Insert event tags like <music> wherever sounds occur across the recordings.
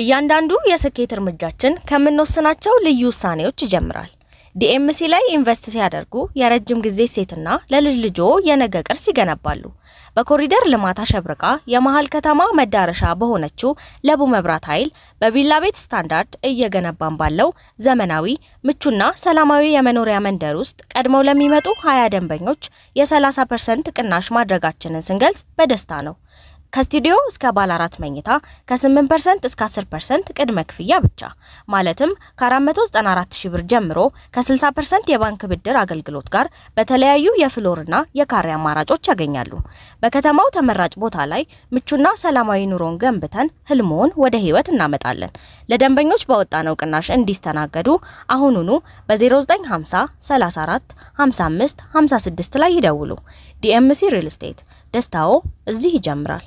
እያንዳንዱ የስኬት እርምጃችን ከምንወስናቸው ልዩ ውሳኔዎች ይጀምራል። ዲኤምሲ ላይ ኢንቨስት ሲያደርጉ የረጅም ጊዜ ሴትና ለልጅ ልጆ የነገ ቅርስ ይገነባሉ። በኮሪደር ልማት አሸብርቃ የመሀል ከተማ መዳረሻ በሆነችው ለቡ መብራት ኃይል በቪላ ቤት ስታንዳርድ እየገነባን ባለው ዘመናዊ ምቹና ሰላማዊ የመኖሪያ መንደር ውስጥ ቀድመው ለሚመጡ ሀያ ደንበኞች የ30 ፐርሰንት ቅናሽ ማድረጋችንን ስንገልጽ በደስታ ነው። ከስቱዲዮ እስከ ባለ አራት መኝታ ከ8 እስከ 10 ቅድመ ክፍያ ብቻ ማለትም ከ 494000 ብር ጀምሮ ከ60 የባንክ ብድር አገልግሎት ጋር በተለያዩ የፍሎርና የካሬ አማራጮች ያገኛሉ። በከተማው ተመራጭ ቦታ ላይ ምቹና ሰላማዊ ኑሮን ገንብተን ህልሞን ወደ ህይወት እናመጣለን። ለደንበኞች በወጣነው ቅናሽ እንዲስተናገዱ አሁኑኑ በ0950 34 55 56 ላይ ይደውሉ። ዲኤምሲ ሪል ስቴት ደስታዎ እዚህ ይጀምራል።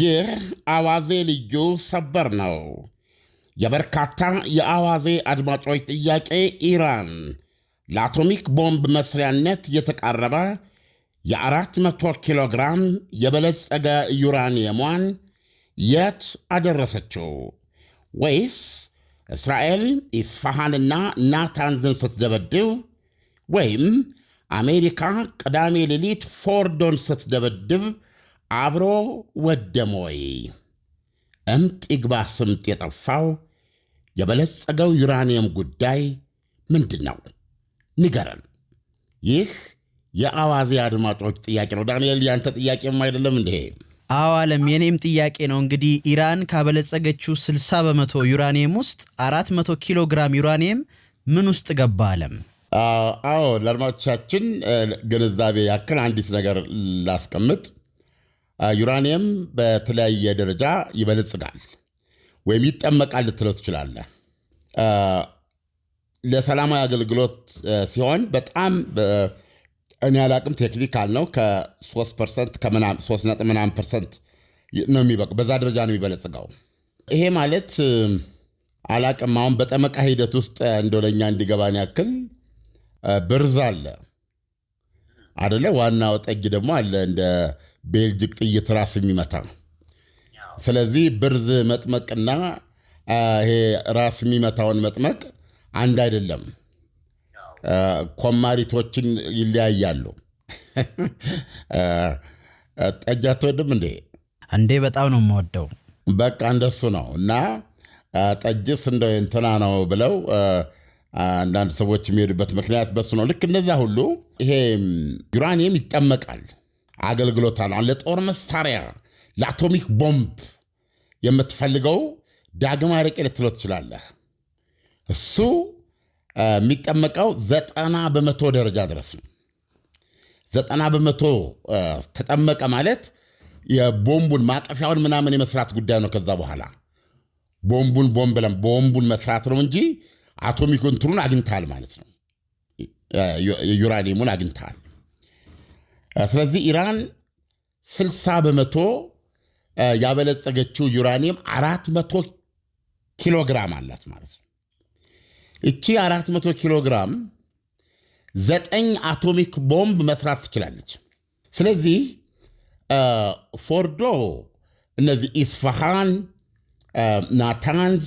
ይህ አዋዜ ልዩ ሰበር ነው። የበርካታ የአዋዜ አድማጮች ጥያቄ ኢራን ለአቶሚክ ቦምብ መስሪያነት የተቃረበ የ400 ኪሎ ግራም የበለጸገ ዩራኒየሟን የት አደረሰችው? ወይስ እስራኤል ኢስፋሃንና ናታንዝን ስትደበድብ ወይም አሜሪካ ቅዳሜ ሌሊት ፎርዶን ስትደበድብ አብሮ ወደመ ወይ? እምጥ ይግባ ስምጥ የጠፋው የበለጸገው ዩራኒየም ጉዳይ ምንድን ነው? ንገረን። ይህ የአዋዜ አድማጮች ጥያቄ ነው። ዳንኤል ያንተ ጥያቄም አይደለም እንዲሄ አዎ አለም የኔም ጥያቄ ነው። እንግዲህ ኢራን ካበለጸገችው 60 በመቶ ዩራኒየም ውስጥ 400 ኪሎ ግራም ዩራኒየም ምን ውስጥ ገባ አለም? አዎ ለአድማጮቻችን ግንዛቤ ያክል አንዲት ነገር ላስቀምጥ። ዩራኒየም በተለያየ ደረጃ ይበለጽጋል ወይም ይጠመቃል ልትለው ትችላለህ። ለሰላማዊ አገልግሎት ሲሆን በጣም እኔ ያላቅም ቴክኒካል ነው። ከ3 ፐርሰንት ከ ምናምን ፐርሰንት ነው የሚበቅ በዛ ደረጃ ነው የሚበለጽገው። ይሄ ማለት አላቅም አሁን በጠመቃ ሂደት ውስጥ እንደለኛ እንዲገባን ያክል ብርዝ አለ አደለ? ዋናው ጠጅ ደግሞ አለ እንደ ቤልጅክ ጥይት ራስ የሚመታ ስለዚህ ብርዝ መጥመቅና ይሄ ራስ የሚመታውን መጥመቅ አንድ አይደለም። ኮማሪቶችን ይለያያሉ። ጠጅ አትወድም እንዴ? እንዴ በጣም ነው የምወደው። በቃ እንደሱ ነው። እና ጠጅስ እንደ እንትና ነው ብለው አንዳንድ ሰዎች የሚሄዱበት ምክንያት በሱ ነው። ልክ እንደዛ ሁሉ ይሄ ዩራኒየም ይጠመቃል። አገልግሎት ለጦር መሳሪያ፣ ለአቶሚክ ቦምብ የምትፈልገው ዳግማ አረቄ ልትሎ ትችላለህ። እሱ የሚጠመቀው ዘጠና በመቶ ደረጃ ድረስ ነው። ዘጠና በመቶ ተጠመቀ ማለት የቦምቡን ማጠፊያውን ምናምን የመስራት ጉዳይ ነው። ከዛ በኋላ ቦምቡን ቦምብ ለም ቦምቡን መስራት ነው እንጂ አቶሚክ እንትኑን አግኝተሃል ማለት ነው፣ ዩራኒየሙን አግኝተሃል። ስለዚህ ኢራን 60 በመቶ ያበለጸገችው ዩራኒየም 400 ኪሎ ግራም አላት ማለት ነው። እቺ 400 ኪሎ ግራም ዘጠኝ አቶሚክ ቦምብ መስራት ትችላለች። ስለዚህ ፎርዶ እነዚህ ኢስፋሃን፣ ናታንዝ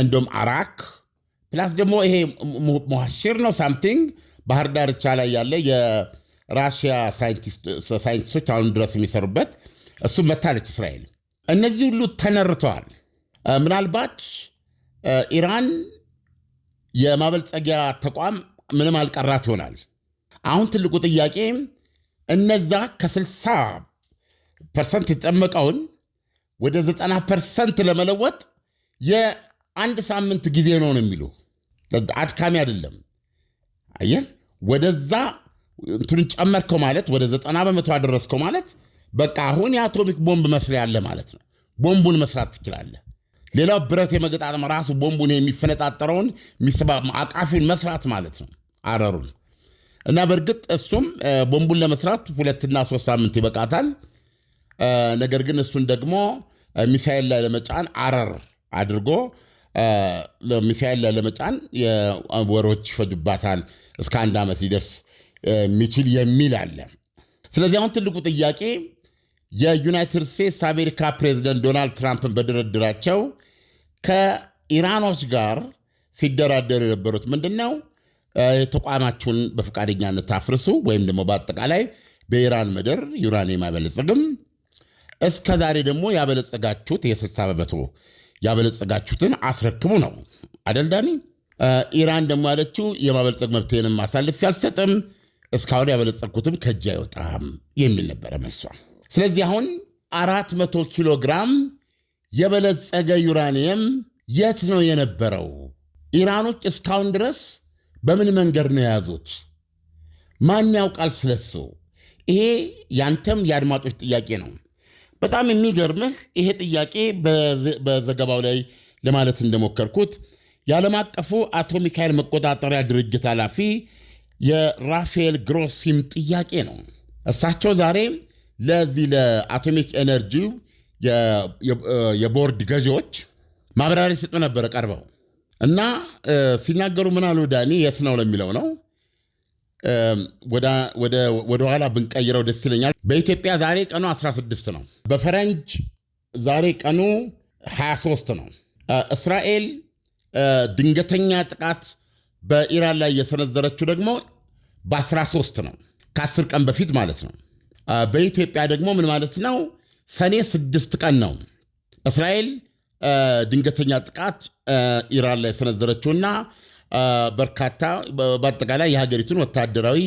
እንዲሁም አራክ ፕላስ ደግሞ ይሄ ሞሐሽር ነው ሳምቲንግ ባህር ዳርቻ ላይ ያለ የራሽያ ሳይንቲስቶች አሁን ድረስ የሚሰሩበት እሱ መታለች እስራኤል። እነዚህ ሁሉ ተነርተዋል። ምናልባት ኢራን የማበልጸጊያ ተቋም ምንም አልቀራት ይሆናል። አሁን ትልቁ ጥያቄ እነዛ ከ60 ፐርሰንት የተጠመቀውን ወደ 90 ፐርሰንት ለመለወጥ የአንድ ሳምንት ጊዜ ነው ነው የሚሉ አድካሚ አይደለም። አየህ ወደዛ እንትን ጨመርከው ማለት ወደ ዘጠና በመቶ አደረስከው ማለት በቃ አሁን የአቶሚክ ቦምብ መስሪያ አለ ማለት ነው። ቦምቡን መስራት ትችላለህ። ሌላው ብረት የመገጣጠም ራሱ ቦምቡን የሚፈነጣጠረውን አቃፊውን መስራት ማለት ነው አረሩን እና በእርግጥ እሱም ቦምቡን ለመስራት ሁለትና ሶስት ሳምንት ይበቃታል። ነገር ግን እሱን ደግሞ ሚሳይል ላይ ለመጫን አረር አድርጎ ሚሳይል ለመጫን ወሮች ይፈጁባታል፣ እስከ አንድ ዓመት ሊደርስ የሚችል የሚል አለ። ስለዚህ አሁን ትልቁ ጥያቄ የዩናይትድ ስቴትስ አሜሪካ ፕሬዚደንት ዶናልድ ትራምፕን በድርድራቸው ከኢራኖች ጋር ሲደራደሩ የነበሩት ምንድን ነው? ተቋማችሁን በፈቃደኛነት አፍርሱ ወይም ደግሞ በአጠቃላይ በኢራን ምድር ዩራኒየም አይበለጽግም። እስከ ዛሬ ደግሞ ያበለጸጋችሁት የ60 በመቶ ያበለጸጋችሁትን አስረክቡ ነው አደል ዳኒ? ኢራን ደግሞ ያለችው የማበልጸግ መብትንም አሳልፌ አልሰጥም፣ እስካሁን ያበለጸግኩትም ከእጅ አይወጣም የሚል ነበረ መልሷ። ስለዚህ አሁን አራት መቶ ኪሎ ግራም የበለጸገ ዩራኒየም የት ነው የነበረው? ኢራኖች እስካሁን ድረስ በምን መንገድ ነው የያዙት? ማን ያውቃል ስለሱ? ይሄ ያንተም የአድማጮች ጥያቄ ነው። በጣም የሚገርምህ ይሄ ጥያቄ በዘገባው ላይ ለማለት እንደሞከርኩት የዓለም አቀፉ አቶ ሚካኤል መቆጣጠሪያ ድርጅት ኃላፊ የራፋኤል ግሮሲም ጥያቄ ነው። እሳቸው ዛሬ ለዚህ ለአቶሚክ ኤነርጂ የቦርድ ገዢዎች ማብራሪያ ሲጡ ነበረ ቀርበው እና ሲናገሩ ምናሉ ዳኒ? የት ነው ለሚለው ነው ወደኋላ ብንቀይረው ደስ ይለኛል። በኢትዮጵያ ዛሬ ቀኑ 16 ነው። በፈረንጅ ዛሬ ቀኑ 23 ነው። እስራኤል ድንገተኛ ጥቃት በኢራን ላይ የሰነዘረችው ደግሞ በ13 ነው፣ ከ10 ቀን በፊት ማለት ነው። በኢትዮጵያ ደግሞ ምን ማለት ነው? ሰኔ 6 ቀን ነው እስራኤል ድንገተኛ ጥቃት ኢራን ላይ የሰነዘረችውና በርካታ በአጠቃላይ የሀገሪቱን ወታደራዊ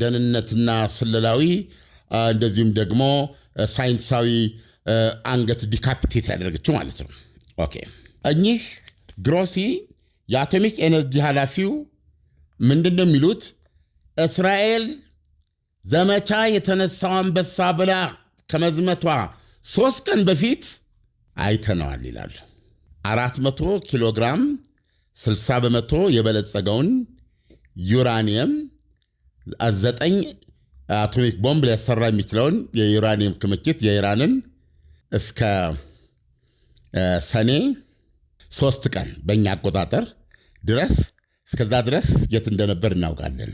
ደህንነትና ስለላዊ እንደዚሁም ደግሞ ሳይንሳዊ አንገት ዲካፕቴት ያደረገችው ማለት ነው። ኦኬ እኚህ ግሮሲ የአቶሚክ ኤነርጂ ኃላፊው ምንድን ነው የሚሉት? እስራኤል ዘመቻ የተነሳው አንበሳ ብላ ከመዝመቷ ሶስት ቀን በፊት አይተነዋል ይላሉ። አራት መቶ ኪሎ ግራም 60 በመቶ የበለጸገውን ዩራኒየም ዘጠኝ አቶሚክ ቦምብ ሊያሰራ የሚችለውን የዩራኒየም ክምችት የኢራንን እስከ ሰኔ ሶስት ቀን በእኛ አቆጣጠር ድረስ እስከዛ ድረስ የት እንደነበር እናውቃለን።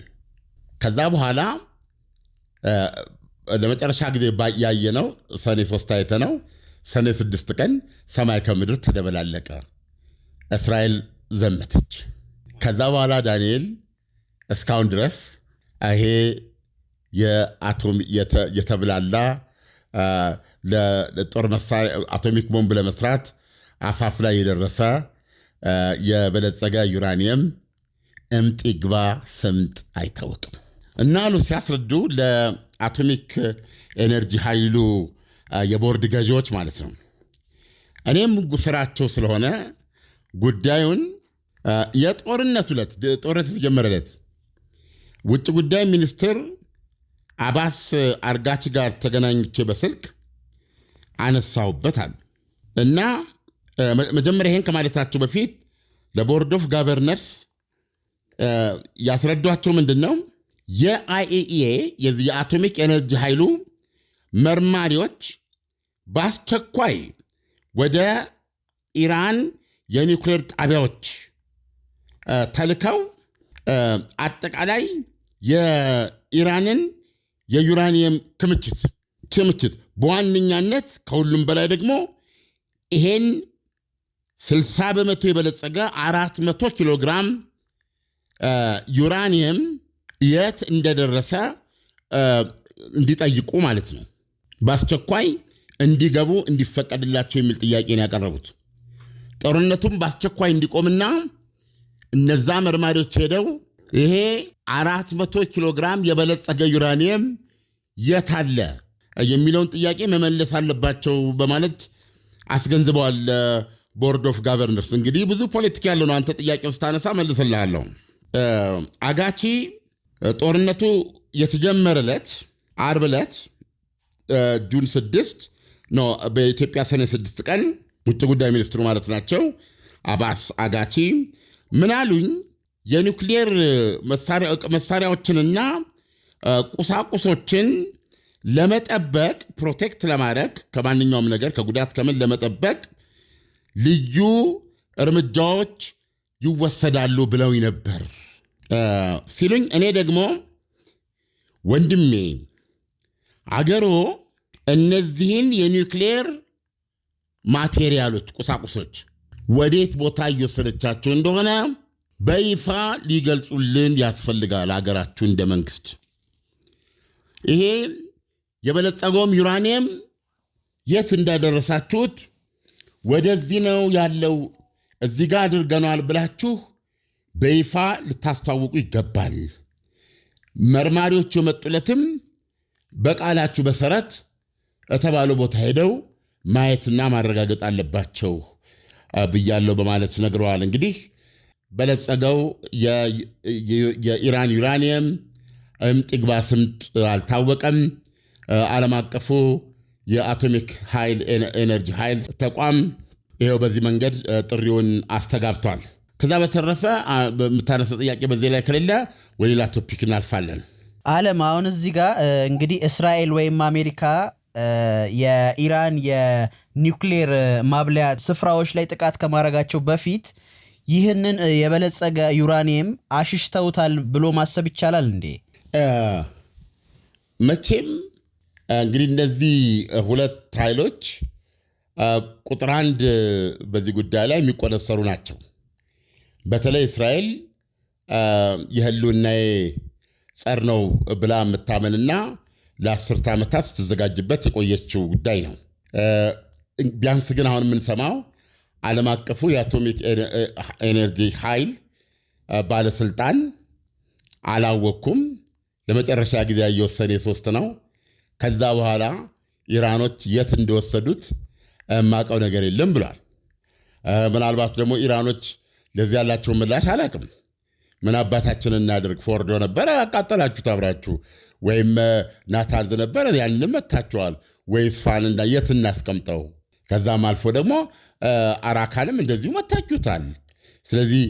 ከዛ በኋላ ለመጨረሻ ጊዜ ያየ ነው ሰኔ ሶስት አይተ ነው ሰኔ ስድስት ቀን ሰማይ ከምድር ተደበላለቀ እስራኤል ዘመተች። ከዛ በኋላ ዳንኤል እስካሁን ድረስ ይሄ የተብላላ ለጦር መሳሪያ አቶሚክ ቦምብ ለመስራት አፋፍ ላይ የደረሰ የበለጸገ ዩራኒየም እምጥ ይግባ ስምጥ አይታወቅም እና አሉ ሲያስረዱ ለአቶሚክ ኤነርጂ ኃይሉ የቦርድ ገዢዎች ማለት ነው። እኔም ስራቸው ስለሆነ ጉዳዩን የጦርነቱ ዕለት ጦርነት የተጀመረ ዕለት ውጭ ጉዳይ ሚኒስትር አባስ አርጋች ጋር ተገናኝቼ በስልክ አነሳሁበት አሉ እና መጀመሪያ ይሄን ከማለታቸው በፊት ለቦርድ ኦፍ ጋቨርነርስ ያስረዷቸው ምንድን ነው የአይኤኢኤ የአቶሚክ ኤነርጂ ኃይሉ መርማሪዎች በአስቸኳይ ወደ ኢራን የኒውክሌር ጣቢያዎች ተልከው አጠቃላይ የኢራንን የዩራኒየም ክምችት ክምችት በዋነኛነት ከሁሉም በላይ ደግሞ ይሄን 60 በመቶ የበለጸገ 400 ኪሎ ግራም ዩራኒየም የት እንደደረሰ እንዲጠይቁ ማለት ነው። በአስቸኳይ እንዲገቡ እንዲፈቀድላቸው የሚል ጥያቄ ነው ያቀረቡት። ጦርነቱም በአስቸኳይ እንዲቆምና እነዛ መርማሪዎች ሄደው ይሄ አራት መቶ ኪሎ ግራም የበለጸገ ዩራኒየም የት አለ የሚለውን ጥያቄ መመለስ አለባቸው በማለት አስገንዝበዋል። ቦርድ ኦፍ ጋቨርነርስ እንግዲህ ብዙ ፖለቲካ ያለው ነው። አንተ ጥያቄው ስታነሳ መልስልሃለሁ። አጋቺ ጦርነቱ የተጀመረ ዕለት ዓርብ ዕለት ጁን 6 ነው በኢትዮጵያ ሰኔ 6 ቀን ውጭ ጉዳይ ሚኒስትሩ ማለት ናቸው አባስ አጋቺ ምን አሉኝ? የኒውክሌር መሳሪያዎችንና ቁሳቁሶችን ለመጠበቅ ፕሮቴክት ለማድረግ ከማንኛውም ነገር ከጉዳት ከምን ለመጠበቅ ልዩ እርምጃዎች ይወሰዳሉ ብለው ነበር ሲሉኝ፣ እኔ ደግሞ ወንድሜ አገሮ እነዚህን የኒውክሌር ማቴሪያሎች ቁሳቁሶች ወዴት ቦታ እየወሰደቻቸው እንደሆነ በይፋ ሊገልጹልን ያስፈልጋል። አገራችሁ እንደ መንግስት ይሄ የበለጸገውም ዩራኒየም የት እንዳደረሳችሁት ወደዚህ ነው ያለው እዚህ ጋር አድርገናል ብላችሁ በይፋ ልታስተዋውቁ ይገባል። መርማሪዎቹ የመጡለትም በቃላችሁ መሰረት የተባለው ቦታ ሄደው ማየትና ማረጋገጥ አለባቸው። ብያለው በማለት ነግረዋል። እንግዲህ በለጸገው የኢራን ዩራኒየም እምጥ ይግባ ስምጥ አልታወቀም። ዓለም አቀፉ የአቶሚክ ኃይል ኤነርጂ ኃይል ተቋም ይኸው በዚህ መንገድ ጥሪውን አስተጋብቷል። ከዛ በተረፈ የምታነሰው ጥያቄ በዚህ ላይ ከሌለ ወሌላ ቶፒክ እናልፋለን። አለም አሁን እዚህ ጋር እንግዲህ እስራኤል ወይም አሜሪካ የኢራን የኒውክሌር ማብለያ ስፍራዎች ላይ ጥቃት ከማድረጋቸው በፊት ይህንን የበለጸገ ዩራኒየም አሽሽተውታል ብሎ ማሰብ ይቻላል እንዴ? መቼም እንግዲህ እነዚህ ሁለት ኃይሎች ቁጥር አንድ በዚህ ጉዳይ ላይ የሚቆነሰሩ ናቸው። በተለይ እስራኤል የህልውናዬ ጸር ነው ብላ የምታመንና። ለአስርተ ዓመታት ስትዘጋጅበት የቆየችው ጉዳይ ነው። ቢያንስ ግን አሁን የምንሰማው ዓለም አቀፉ የአቶሚክ ኤነርጂ ኃይል ባለስልጣን አላወቅኩም፣ ለመጨረሻ ጊዜ እየወሰነ ሶስት ነው፣ ከዛ በኋላ ኢራኖች የት እንደወሰዱት የማውቀው ነገር የለም ብሏል። ምናልባት ደግሞ ኢራኖች ለዚህ ያላቸው ምላሽ አላውቅም። ምን አባታችን እናድርግ? ፎርዶ ነበረ አቃጠላችሁ፣ ታብራችሁ ወይም ናታን ዘነበረ ያንን መታቸዋል። ስፋን እና የት እናስቀምጠው? ከዛም አልፎ ደግሞ አራካንም እንደዚሁ መታችሁታል። ስለዚህ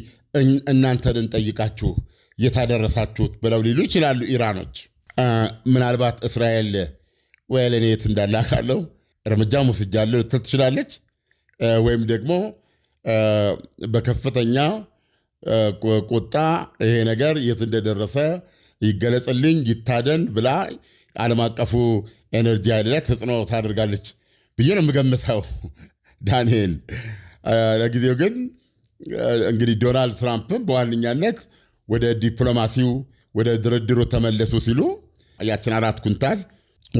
እናንተን እንጠይቃችሁ የታደረሳችሁት ብለው ሊሉ ይችላሉ ኢራኖች። ምናልባት እስራኤል ወይል እኔ የት እርምጃ ወስጃለሁ ልትል ትችላለች። ወይም ደግሞ በከፍተኛ ቁጣ ይሄ ነገር የት እንደደረሰ ይገለጽልኝ ይታደን ብላ ዓለም አቀፉ ኤነርጂ ኃይል ላይ ተጽዕኖ ታደርጋለች ብዬ ነው የምገምተው <laughs> ዳንኤል። ለጊዜው ግን እንግዲህ ዶናልድ ትራምፕም በዋነኛነት ወደ ዲፕሎማሲው ወደ ድርድሩ ተመለሱ ሲሉ ያችን አራት ኩንታል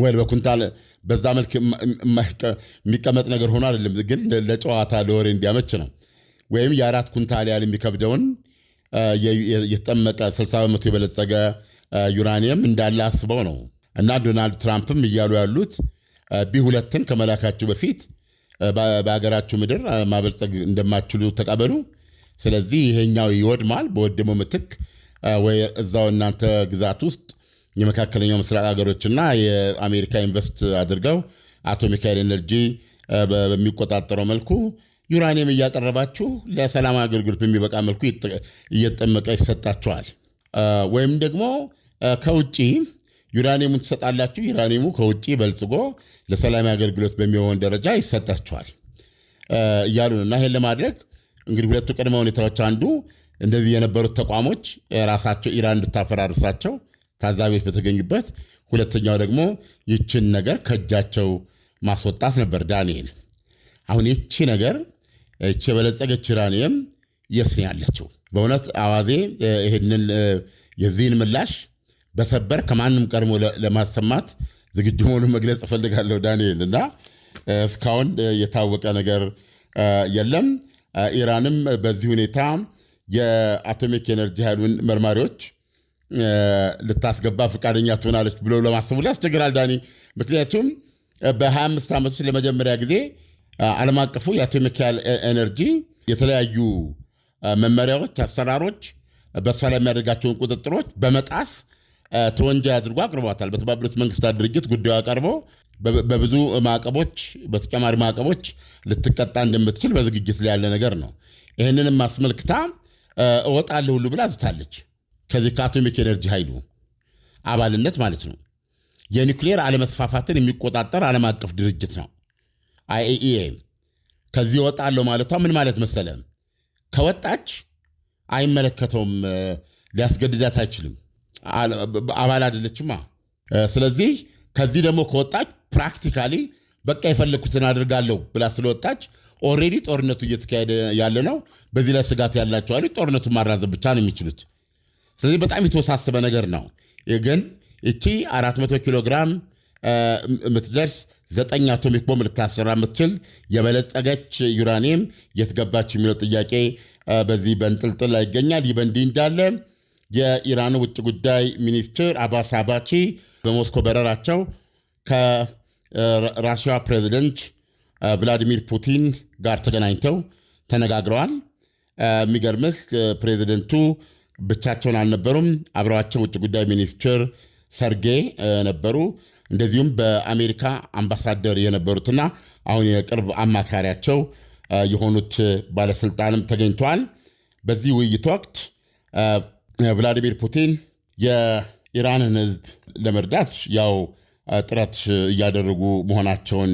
ወይ በኩንታል በዛ መልክ የሚቀመጥ ነገር ሆኖ አይደለም፣ ግን ለጨዋታ ለወሬ እንዲያመች ነው። ወይም የአራት ኩንታል ያህል የሚከብደውን የተጠመቀ 60 በመቶ የበለጸገ ዩራኒየም እንዳለ አስበው ነው እና ዶናልድ ትራምፕም እያሉ ያሉት ቢ ሁለትን ከመላካችሁ በፊት በሀገራችሁ ምድር ማበልጸግ እንደማችሉ ተቀበሉ። ስለዚህ ይሄኛው ይወድማል፣ በወደመው ምትክ ወይ እዛው እናንተ ግዛት ውስጥ የመካከለኛው ምስራቅ ሀገሮችና የአሜሪካ ኢንቨስት አድርገው አቶሚካኤል ኤነርጂ በሚቆጣጠረው መልኩ ዩራኒየም እያቀረባችሁ ለሰላም አገልግሎት በሚበቃ መልኩ እየጠመቀ ይሰጣችኋል ወይም ደግሞ ከውጭ ዩራኒየሙን ትሰጣላችሁ። ዩራኒየሙ ከውጭ በልጽጎ ለሰላማዊ አገልግሎት በሚሆን ደረጃ ይሰጣችኋል እያሉ ነው እና ይህን ለማድረግ እንግዲህ ሁለቱ ቅድመ ሁኔታዎች አንዱ እንደዚህ የነበሩት ተቋሞች ራሳቸው ኢራን እንድታፈራርሳቸው ታዛቢዎች በተገኙበት፣ ሁለተኛው ደግሞ ይችን ነገር ከእጃቸው ማስወጣት ነበር። ዳንኤል አሁን ይቺ ነገር ይቺ የበለጸገች ዩራኒየም የስን ያለችው? በእውነት አዋዜ ይህንን የዚህን ምላሽ በሰበር ከማንም ቀድሞ ለማሰማት ዝግጁ መሆኑ መግለጽ እፈልጋለሁ ዳንኤል። እና እስካሁን የታወቀ ነገር የለም። ኢራንም በዚህ ሁኔታ የአቶሚክ ኤነርጂ ኃይሉን መርማሪዎች ልታስገባ ፈቃደኛ ትሆናለች ብሎ ለማሰቡ ያስቸግራል ዳኒ። ምክንያቱም በ25 ዓመት ውስጥ ለመጀመሪያ ጊዜ ዓለም አቀፉ የአቶሚክ ኤነርጂ የተለያዩ መመሪያዎች፣ አሰራሮች በእሷ ላይ የሚያደርጋቸውን ቁጥጥሮች በመጣስ ተወንጃ አድርጎ አቅርቧታል። በተባበሩት መንግስታት ድርጅት ጉዳዩ አቀርቦ በብዙ ማዕቀቦች፣ በተጨማሪ ማዕቀቦች ልትቀጣ እንደምትችል በዝግጅት ላይ ያለ ነገር ነው። ይህንንም አስመልክታ እወጣለሁ ሁሉ ብላ ዝታለች። ከዚህ ከአቶሚክ ኤነርጂ ኃይሉ አባልነት ማለት ነው። የኒውክሌር አለመስፋፋትን የሚቆጣጠር ዓለም አቀፍ ድርጅት ነው አይኤኢኤ። ከዚህ እወጣለሁ ማለቷ ምን ማለት መሰለ፣ ከወጣች አይመለከተውም፣ ሊያስገድዳት አይችልም። አባል አይደለችማ። ስለዚህ ከዚህ ደግሞ ከወጣች ፕራክቲካሊ በቃ የፈለግኩትን አድርጋለሁ ብላ ስለወጣች ኦልሬዲ ጦርነቱ እየተካሄደ ያለ ነው። በዚህ ላይ ስጋት ያላቸው አሉ። ጦርነቱን ማራዘም ብቻ ነው የሚችሉት። ስለዚህ በጣም የተወሳሰበ ነገር ነው። ግን እቺ 400 ኪሎ ግራም የምትደርስ ዘጠኝ አቶሚክ ቦምብ ልታሰራ የምትችል የበለጸገች ዩራኒየም የትገባች የሚለው ጥያቄ በዚህ በንጥልጥል ላይ ይገኛል። ይህ በእንዲህ እንዳለ የኢራን ውጭ ጉዳይ ሚኒስትር አባስ አባቺ በሞስኮ በረራቸው ከራሽያ ፕሬዚደንት ቭላዲሚር ፑቲን ጋር ተገናኝተው ተነጋግረዋል። የሚገርምህ ፕሬዚደንቱ ብቻቸውን አልነበሩም። አብረዋቸው ውጭ ጉዳይ ሚኒስትር ሰርጌ ነበሩ። እንደዚሁም በአሜሪካ አምባሳደር የነበሩትና አሁን የቅርብ አማካሪያቸው የሆኑት ባለስልጣንም ተገኝተዋል። በዚህ ውይይት ወቅት ቭላዲሚር ፑቲን የኢራንን ህዝብ ለመርዳት ያው ጥረት እያደረጉ መሆናቸውን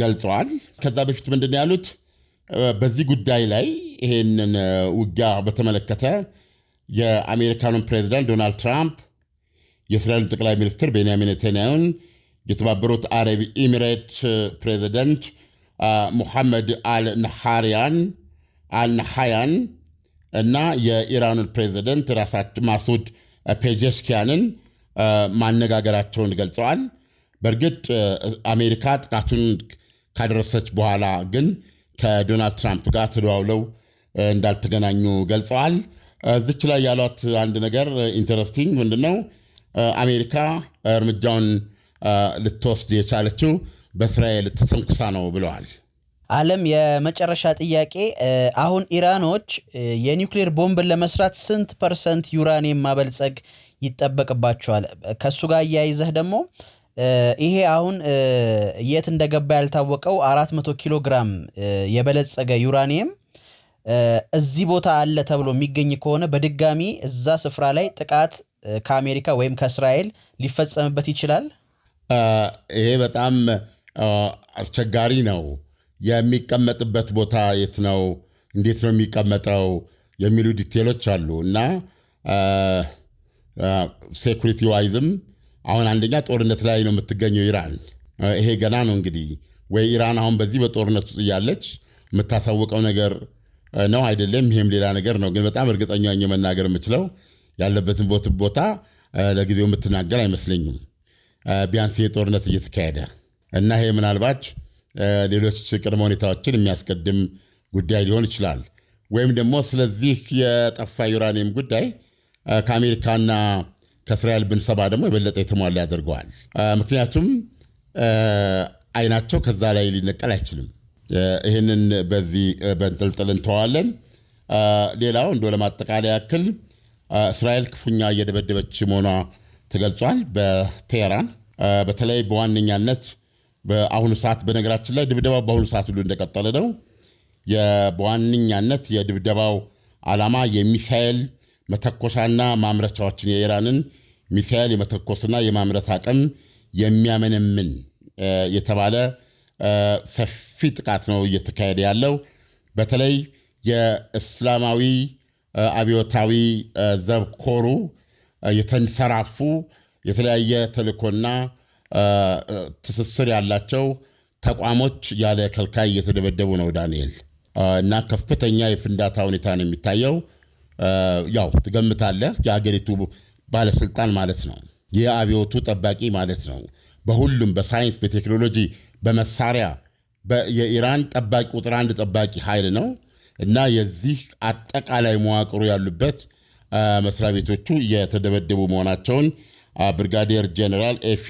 ገልጸዋል። ከዛ በፊት ምንድን ያሉት በዚህ ጉዳይ ላይ ይሄንን ውጊያ በተመለከተ የአሜሪካኑን ፕሬዚዳንት ዶናልድ ትራምፕ፣ የእስራኤል ጠቅላይ ሚኒስትር ቤንያሚን ኔታንያሁን፣ የተባበሩት አረብ ኤሚሬት ፕሬዚደንት ሙሐመድ አልናሃሪያን አልናሃያን እና የኢራኑን ፕሬዚደንት ማሱድ ፔጀሽኪያንን ማነጋገራቸውን ገልጸዋል። በእርግጥ አሜሪካ ጥቃቱን ካደረሰች በኋላ ግን ከዶናልድ ትራምፕ ጋር ተደዋውለው እንዳልተገናኙ ገልጸዋል። እዚች ላይ ያሏት አንድ ነገር ኢንተረስቲንግ ነው? አሜሪካ እርምጃውን ልትወስድ የቻለችው በእስራኤል ተተንኩሳ ነው ብለዋል። አለም የመጨረሻ ጥያቄ አሁን ኢራኖች የኒውክሌር ቦምብን ለመስራት ስንት ፐርሰንት ዩራኒየም ማበልጸግ ይጠበቅባቸዋል? ከእሱ ጋር እያይዘህ ደግሞ ይሄ አሁን የት እንደገባ ያልታወቀው አራት መቶ ኪሎ ግራም የበለጸገ ዩራኒየም እዚህ ቦታ አለ ተብሎ የሚገኝ ከሆነ በድጋሚ እዛ ስፍራ ላይ ጥቃት ከአሜሪካ ወይም ከእስራኤል ሊፈጸምበት ይችላል። ይሄ በጣም አስቸጋሪ ነው። የሚቀመጥበት ቦታ የት ነው፣ እንዴት ነው የሚቀመጠው የሚሉ ዲቴሎች አሉ እና ሴኩሪቲ ዋይዝም አሁን አንደኛ ጦርነት ላይ ነው የምትገኘው ኢራን። ይሄ ገና ነው እንግዲህ ወይ ኢራን አሁን በዚህ በጦርነት ውስጥ እያለች የምታሳውቀው ነገር ነው አይደለም፣ ይሄም ሌላ ነገር ነው። ግን በጣም እርግጠኛ ሆኜ መናገር የምችለው ያለበትን ቦታ ለጊዜው የምትናገር አይመስለኝም፣ ቢያንስ ይሄ ጦርነት እየተካሄደ እና ይሄ ምናልባት ሌሎች ቅድመ ሁኔታዎችን የሚያስቀድም ጉዳይ ሊሆን ይችላል። ወይም ደግሞ ስለዚህ የጠፋ ዩራኒየም ጉዳይ ከአሜሪካና ከእስራኤል ብንሰባ ደግሞ የበለጠ የተሟላ ያደርገዋል። ምክንያቱም አይናቸው ከዛ ላይ ሊነቀል አይችልም። ይህንን በዚህ በንጥልጥል እንተዋለን። ሌላው እንደ ለማጠቃለያ ያክል እስራኤል ክፉኛ እየደበደበች መሆኗ ተገልጿል። በቴሄራን በተለይ በዋነኛነት በአሁኑ ሰዓት በነገራችን ላይ ድብደባው በአሁኑ ሰዓት ሁሉ እንደቀጠለ ነው። በዋነኛነት የድብደባው ዓላማ የሚሳኤል መተኮሻና ማምረቻዎችን የኢራንን ሚሳኤል የመተኮስና የማምረት አቅም የሚያመነምን የተባለ ሰፊ ጥቃት ነው እየተካሄደ ያለው። በተለይ የእስላማዊ አብዮታዊ ዘብ ኮሩ የተንሰራፉ የተለያየ ተልእኮና ትስስር ያላቸው ተቋሞች ያለ ከልካይ እየተደበደቡ ነው ዳንኤል። እና ከፍተኛ የፍንዳታ ሁኔታ ነው የሚታየው። ያው ትገምታለህ፣ የሀገሪቱ ባለስልጣን ማለት ነው፣ የአብዮቱ ጠባቂ ማለት ነው። በሁሉም በሳይንስ በቴክኖሎጂ በመሳሪያ የኢራን ጠባቂ ቁጥር አንድ ጠባቂ ኃይል ነው እና የዚህ አጠቃላይ መዋቅሩ ያሉበት መስሪያ ቤቶቹ እየተደበደቡ መሆናቸውን ብርጋዴር ጀኔራል ኤፊ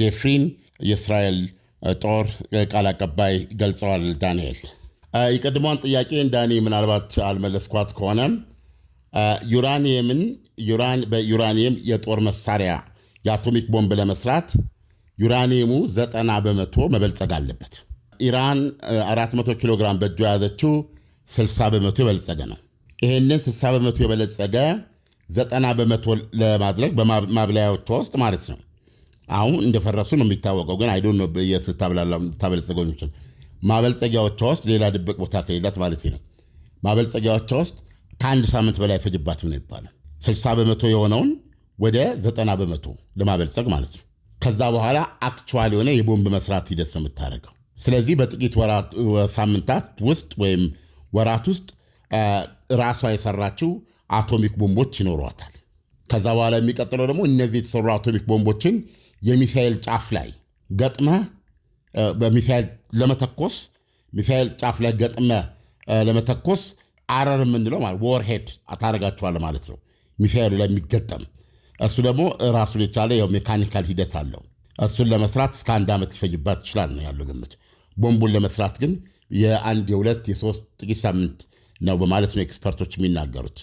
ዴፍሪን የእስራኤል ጦር ቃል አቀባይ ገልጸዋል። ዳንኤል የቀድሞን ጥያቄን ዳኒ ምናልባት አልመለስኳት ከሆነ ዩራኒየምን በዩራኒየም የጦር መሳሪያ የአቶሚክ ቦምብ ለመስራት ዩራኒየሙ ዘጠና በመቶ መበልጸግ አለበት። ኢራን 400 ኪሎ ግራም በእጁ የያዘችው 60 በመቶ የበለጸገ ነው። ይህንን 60 በመቶ የበለጸገ ዘጠና በመቶ ለማድረግ በማብለያዎቿ ውስጥ ማለት ነው አሁን እንደፈረሱ ነው የሚታወቀው። ግን አይዶ ነው የታበለጸገው የሚችል ማበልጸጊያዎቿ ውስጥ ሌላ ድብቅ ቦታ ከሌላት ማለት ነው። ማበልጸጊያዎቿ ውስጥ ከአንድ ሳምንት በላይ ፈጅባትም ነው ይባላል። 60 በመቶ የሆነውን ወደ 90 በመቶ ለማበልጸግ ማለት ነው። ከዛ በኋላ አክቹዋል የሆነ የቦምብ መስራት ሂደት ነው የምታደርገው። ስለዚህ በጥቂት ሳምንታት ውስጥ ወይም ወራት ውስጥ ራሷ የሰራችው አቶሚክ ቦምቦች ይኖሯታል። ከዛ በኋላ የሚቀጥለው ደግሞ እነዚህ የተሰሩ አቶሚክ ቦምቦችን የሚሳኤል ጫፍ ላይ ገጥመ በሚሳኤል ለመተኮስ ሚሳኤል ጫፍ ላይ ገጥመ ለመተኮስ አረር የምንለው ማለት ወርሄድ ታደርጋቸዋለህ ማለት ነው። ሚሳኤሉ ላይ የሚገጠም እሱ ደግሞ ራሱን የቻለ ያው ሜካኒካል ሂደት አለው። እሱን ለመስራት እስከ አንድ ዓመት ሊፈጅባት ይችላል ነው ያለው ግምት። ቦምቡን ለመስራት ግን የአንድ የሁለት የሶስት ጥቂት ሳምንት ነው በማለት ነው ኤክስፐርቶች የሚናገሩት።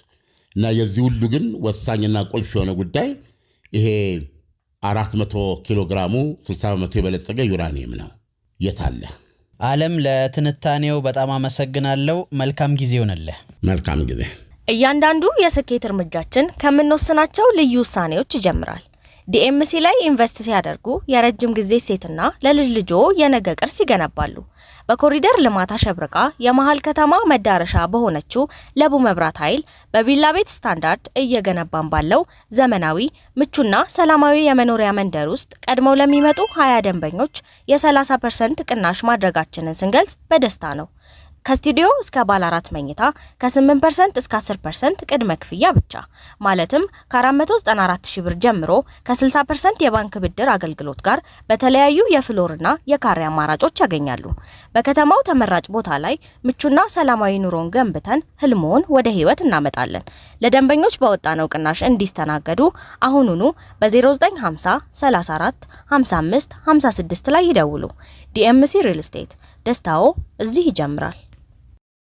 እና የዚህ ሁሉ ግን ወሳኝና ቁልፍ የሆነ ጉዳይ ይሄ 400 ኪሎ ግራሙ 60 በመቶ የበለጸገ ዩራኒየም ነው። የት አለ? አለም ለትንታኔው በጣም አመሰግናለሁ። መልካም ጊዜ ይሆንልህ። መልካም ጊዜ። እያንዳንዱ የስኬት እርምጃችን ከምንወስናቸው ልዩ ውሳኔዎች ይጀምራል። ዲኤምሲ ላይ ኢንቨስት ሲያደርጉ የረጅም ጊዜ ሴትና ለልጅ ልጆ የነገ ቅርስ ይገነባሉ። በኮሪደር ልማት አሸብርቃ የመሀል ከተማ መዳረሻ በሆነችው ለቡ መብራት ኃይል በቪላ ቤት ስታንዳርድ እየገነባን ባለው ዘመናዊ ምቹና ሰላማዊ የመኖሪያ መንደር ውስጥ ቀድመው ለሚመጡ ሀያ ደንበኞች የ30 ፐርሰንት ቅናሽ ማድረጋችንን ስንገልጽ በደስታ ነው። ከስቱዲዮ እስከ ባለ አራት መኝታ ከ8 እስከ 10 ቅድመ ክፍያ ብቻ ማለትም ከ494 ብር ጀምሮ ከ60 የባንክ ብድር አገልግሎት ጋር በተለያዩ የፍሎርና የካሬ አማራጮች ያገኛሉ። በከተማው ተመራጭ ቦታ ላይ ምቹና ሰላማዊ ኑሮን ገንብተን ህልሞን ወደ ህይወት እናመጣለን። ለደንበኞች በወጣነው ቅናሽ እንዲስተናገዱ አሁኑኑ በ0950 34 55 56 ላይ ይደውሉ። ዲኤምሲ ሪል ስቴት ደስታዎ እዚህ ይጀምራል።